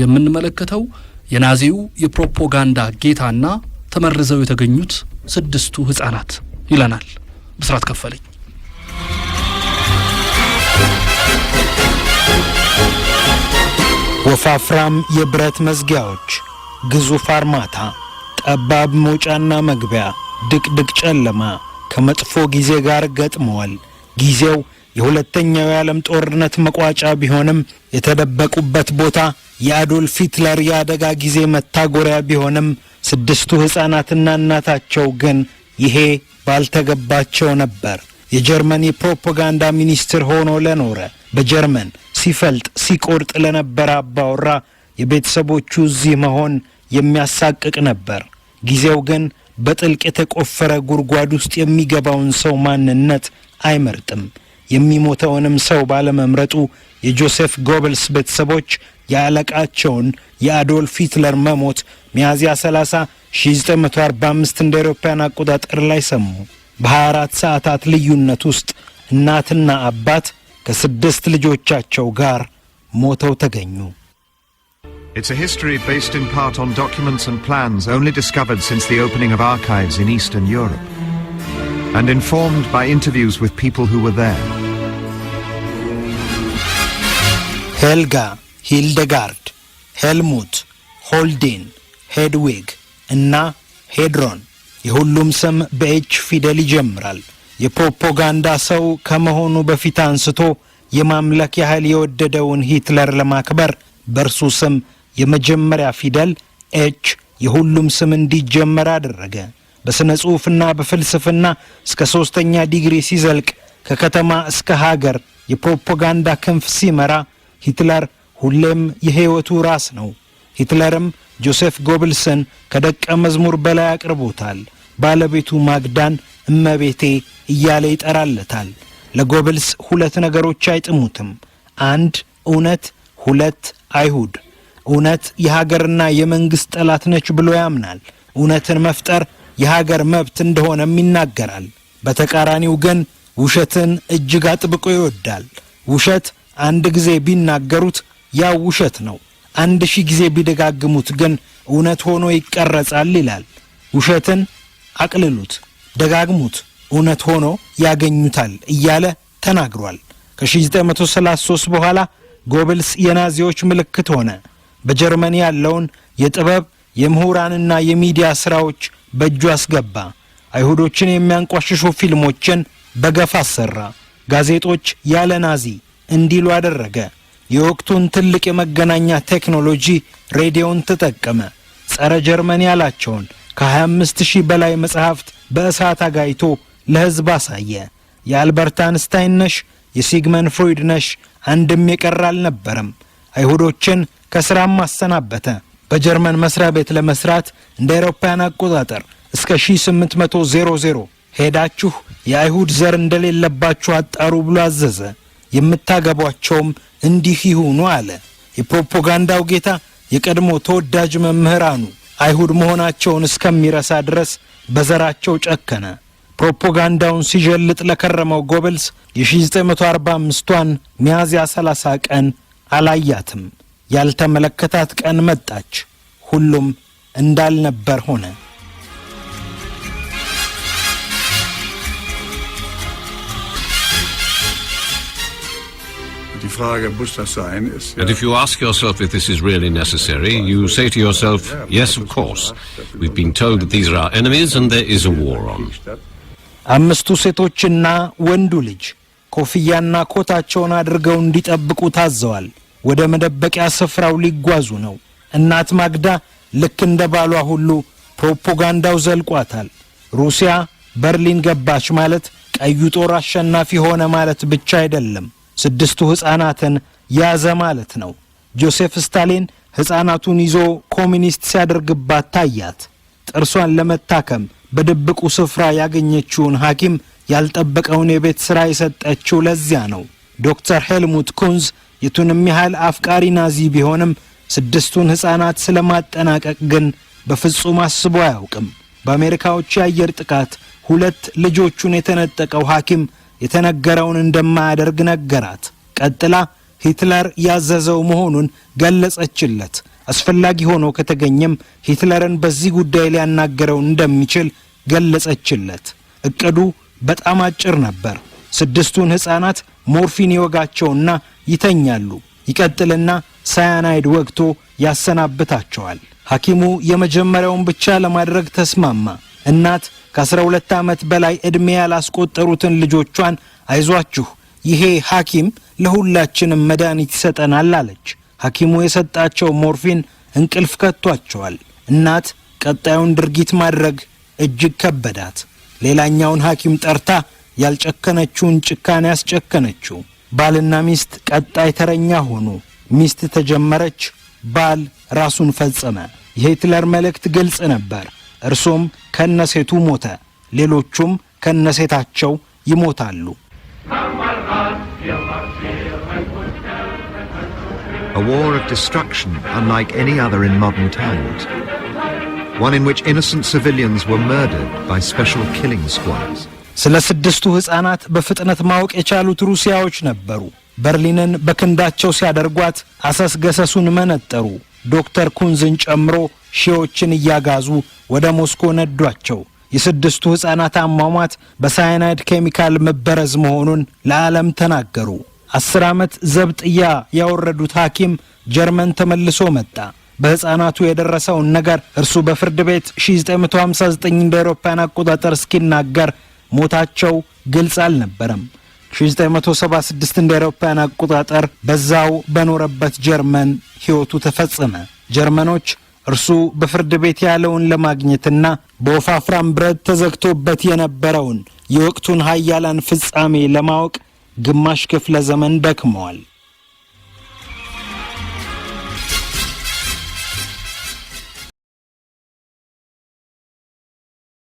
የምንመለከተው የናዚው የፕሮፓጋንዳ ጌታና ተመርዘው የተገኙት ስድስቱ ህጻናት ይለናል ብስራት ከፈለኝ። ወፋፍራም የብረት መዝጊያዎች፣ ግዙፍ አርማታ፣ ጠባብ መውጫና መግቢያ፣ ድቅድቅ ጨለማ ከመጥፎ ጊዜ ጋር ገጥመዋል። ጊዜው የሁለተኛው የዓለም ጦርነት መቋጫ ቢሆንም የተደበቁበት ቦታ የአዶልፍ ሂትለር የአደጋ ጊዜ መታጎሪያ ቢሆንም ስድስቱ ሕፃናትና እናታቸው ግን ይሄ ባልተገባቸው ነበር። የጀርመን የፕሮፓጋንዳ ሚኒስትር ሆኖ ለኖረ በጀርመን ሲፈልጥ ሲቆርጥ ለነበረ አባወራ የቤተሰቦቹ እዚህ መሆን የሚያሳቅቅ ነበር። ጊዜው ግን በጥልቅ የተቆፈረ ጉድጓድ ውስጥ የሚገባውን ሰው ማንነት አይመርጥም። የሚሞተውንም ሰው ባለመምረጡ የጆሴፍ ጎበልስ ቤተሰቦች የአለቃቸውን የአዶልፍ ሂትለር መሞት ሚያዝያ 30 1945 እንደ አውሮፓውያን አቆጣጠር ላይ ሰሙ። በ24 ሰዓታት ልዩነት ውስጥ እናትና አባት ከስድስት ልጆቻቸው ጋር ሞተው ተገኙ። It's a history based in part on documents and plans only discovered since the opening of archives in Eastern Europe and informed by interviews with people who were there. ሄልጋ፣ ሂልደጋርድ፣ ሄልሙት፣ ሆልዴን፣ ሄድዊግ እና ሄድሮን የሁሉም ስም በኤች ፊደል ይጀምራል። የፕሮፓጋንዳ ሰው ከመሆኑ በፊት አንስቶ የማምለክ ያህል የወደደውን ሂትለር ለማክበር በእርሱ ስም የመጀመሪያ ፊደል ኤች የሁሉም ስም እንዲጀመር አደረገ። በሥነ ጽሑፍና በፍልስፍና እስከ ሦስተኛ ዲግሪ ሲዘልቅ ከከተማ እስከ ሀገር የፕሮፓጋንዳ ክንፍ ሲመራ ሂትለር ሁሌም የሕይወቱ ራስ ነው። ሂትለርም ጆሴፍ ጎብልስን ከደቀ መዝሙር በላይ አቅርቦታል። ባለቤቱ ማግዳን እመቤቴ እያለ ይጠራለታል። ለጎብልስ ሁለት ነገሮች አይጥሙትም፣ አንድ እውነት፣ ሁለት አይሁድ። እውነት የሀገርና የመንግሥት ጠላት ነች ብሎ ያምናል። እውነትን መፍጠር የሀገር መብት እንደሆነም ይናገራል። በተቃራኒው ግን ውሸትን እጅግ አጥብቆ ይወዳል። ውሸት አንድ ጊዜ ቢናገሩት ያው ውሸት ነው፣ አንድ ሺህ ጊዜ ቢደጋግሙት ግን እውነት ሆኖ ይቀረጻል ይላል። ውሸትን አቅልሉት፣ ደጋግሙት፣ እውነት ሆኖ ያገኙታል እያለ ተናግሯል። ከ1933 በኋላ ጎብልስ የናዚዎች ምልክት ሆነ። በጀርመኒ ያለውን የጥበብ የምሁራንና የሚዲያ ሥራዎች በእጁ አስገባ። አይሁዶችን የሚያንቋሽሹ ፊልሞችን በገፋ አሰራ። ጋዜጦች ያለ ናዚ እንዲሉ አደረገ። የወቅቱን ትልቅ የመገናኛ ቴክኖሎጂ ሬዲዮን ተጠቀመ። ጸረ ጀርመን ያላቸውን ከ25 ሺህ በላይ መጽሐፍት በእሳት አጋይቶ ለሕዝብ አሳየ። የአልበርት አንስታይን ነሽ፣ የሲግመን ፍሮይድ ነሽ አንድም የቀረ አልነበረም። አይሁዶችን ከሥራም አሰናበተ። በጀርመን መስሪያ ቤት ለመስራት እንደ አውሮፓውያን አቆጣጠር እስከ 1800 ሄዳችሁ የአይሁድ ዘር እንደሌለባችሁ አጣሩ ብሎ አዘዘ። የምታገቧቸውም እንዲህ ይሁኑ አለ። የፕሮፓጋንዳው ጌታ የቀድሞ ተወዳጅ መምህራኑ አይሁድ መሆናቸውን እስከሚረሳ ድረስ በዘራቸው ጨከነ። ፕሮፓጋንዳውን ሲጀልጥ ለከረመው ጎበልስ የ1945ቷን ሚያዝያ 30 ቀን አላያትም። ያልተመለከታት ቀን መጣች። ሁሉም እንዳልነበር ሆነ። Die Frage, muss das sein, ist, and if you ask yourself if this is really necessary, you say to yourself, yes, of course. We've been told that these are our enemies and there is a war on. አምስቱ ሴቶችና ወንዱ ልጅ ኮፍያና ኮታቸውን አድርገው እንዲጠብቁ ታዘዋል። ወደ መደበቂያ ስፍራው ሊጓዙ ነው። እናት ማግዳ ልክ እንደ ባሏ ሁሉ ፕሮፓጋንዳው ዘልቋታል። ሩሲያ በርሊን ገባች ማለት ቀዩ ጦር አሸናፊ ሆነ ማለት ብቻ አይደለም። ስድስቱ ሕፃናትን ያዘ ማለት ነው። ጆሴፍ ስታሊን ሕፃናቱን ይዞ ኮሚኒስት ሲያደርግባት ታያት። ጥርሷን ለመታከም በድብቁ ስፍራ ያገኘችውን ሐኪም ያልጠበቀውን የቤት ሥራ የሰጠችው ለዚያ ነው። ዶክተር ሄልሙት ኩንዝ የቱንም ያህል አፍቃሪ ናዚ ቢሆንም ስድስቱን ሕፃናት ስለማጠናቀቅ ግን በፍጹም አስቦ አያውቅም። በአሜሪካዎች የአየር ጥቃት ሁለት ልጆቹን የተነጠቀው ሐኪም የተነገረውን እንደማያደርግ ነገራት። ቀጥላ ሂትለር ያዘዘው መሆኑን ገለጸችለት። አስፈላጊ ሆኖ ከተገኘም ሂትለርን በዚህ ጉዳይ ሊያናገረው እንደሚችል ገለጸችለት። እቅዱ በጣም አጭር ነበር። ስድስቱን ሕፃናት ሞርፊን ይወጋቸውና ይተኛሉ። ይቀጥልና ሳያናይድ ወግቶ ያሰናብታቸዋል። ሐኪሙ የመጀመሪያውን ብቻ ለማድረግ ተስማማ። እናት ከ12 ዓመት በላይ ዕድሜ ያላስቆጠሩትን ልጆቿን አይዟችሁ ይሄ ሐኪም ለሁላችንም መድኃኒት ይሰጠናል አለች። ሐኪሙ የሰጣቸው ሞርፊን እንቅልፍ ከቷቸዋል። እናት ቀጣዩን ድርጊት ማድረግ እጅግ ከበዳት። ሌላኛውን ሐኪም ጠርታ ያልጨከነችውን ጭካኔ ያስጨከነችው። ባልና ሚስት ቀጣይ ተረኛ ሆኑ። ሚስት ተጀመረች፣ ባል ራሱን ፈጸመ። የሂትለር መልእክት ግልጽ ነበር። እርሱም ከነሴቱ ሞተ፣ ሌሎቹም ከነሴታቸው ይሞታሉ። A war of destruction unlike any other in modern times. One in which innocent civilians were murdered by special killing squads. ስለ ስድስቱ ሕፃናት በፍጥነት ማወቅ የቻሉት ሩሲያዎች ነበሩ። በርሊንን በክንዳቸው ሲያደርጓት አሰስ ገሰሱን መነጠሩ። ዶክተር ኩንዝን ጨምሮ ሺዎችን እያጋዙ ወደ ሞስኮ ነዷቸው። የስድስቱ ሕፃናት አሟሟት በሳይናይድ ኬሚካል መበረዝ መሆኑን ለዓለም ተናገሩ። አስር ዓመት ዘብጥያ ያወረዱት ሐኪም ጀርመን ተመልሶ መጣ። በሕፃናቱ የደረሰውን ነገር እርሱ በፍርድ ቤት 1959 እንደ አውሮፓውያን አቆጣጠር እስኪናገር ሞታቸው ግልጽ አልነበረም። 1976 እንደ አውሮፓውያን አቆጣጠር በዛው በኖረበት ጀርመን ሕይወቱ ተፈጸመ። ጀርመኖች እርሱ በፍርድ ቤት ያለውን ለማግኘትና በወፋፍራም ብረት ተዘግቶበት የነበረውን የወቅቱን ሀያላን ፍጻሜ ለማወቅ ግማሽ ክፍለ ዘመን ደክመዋል።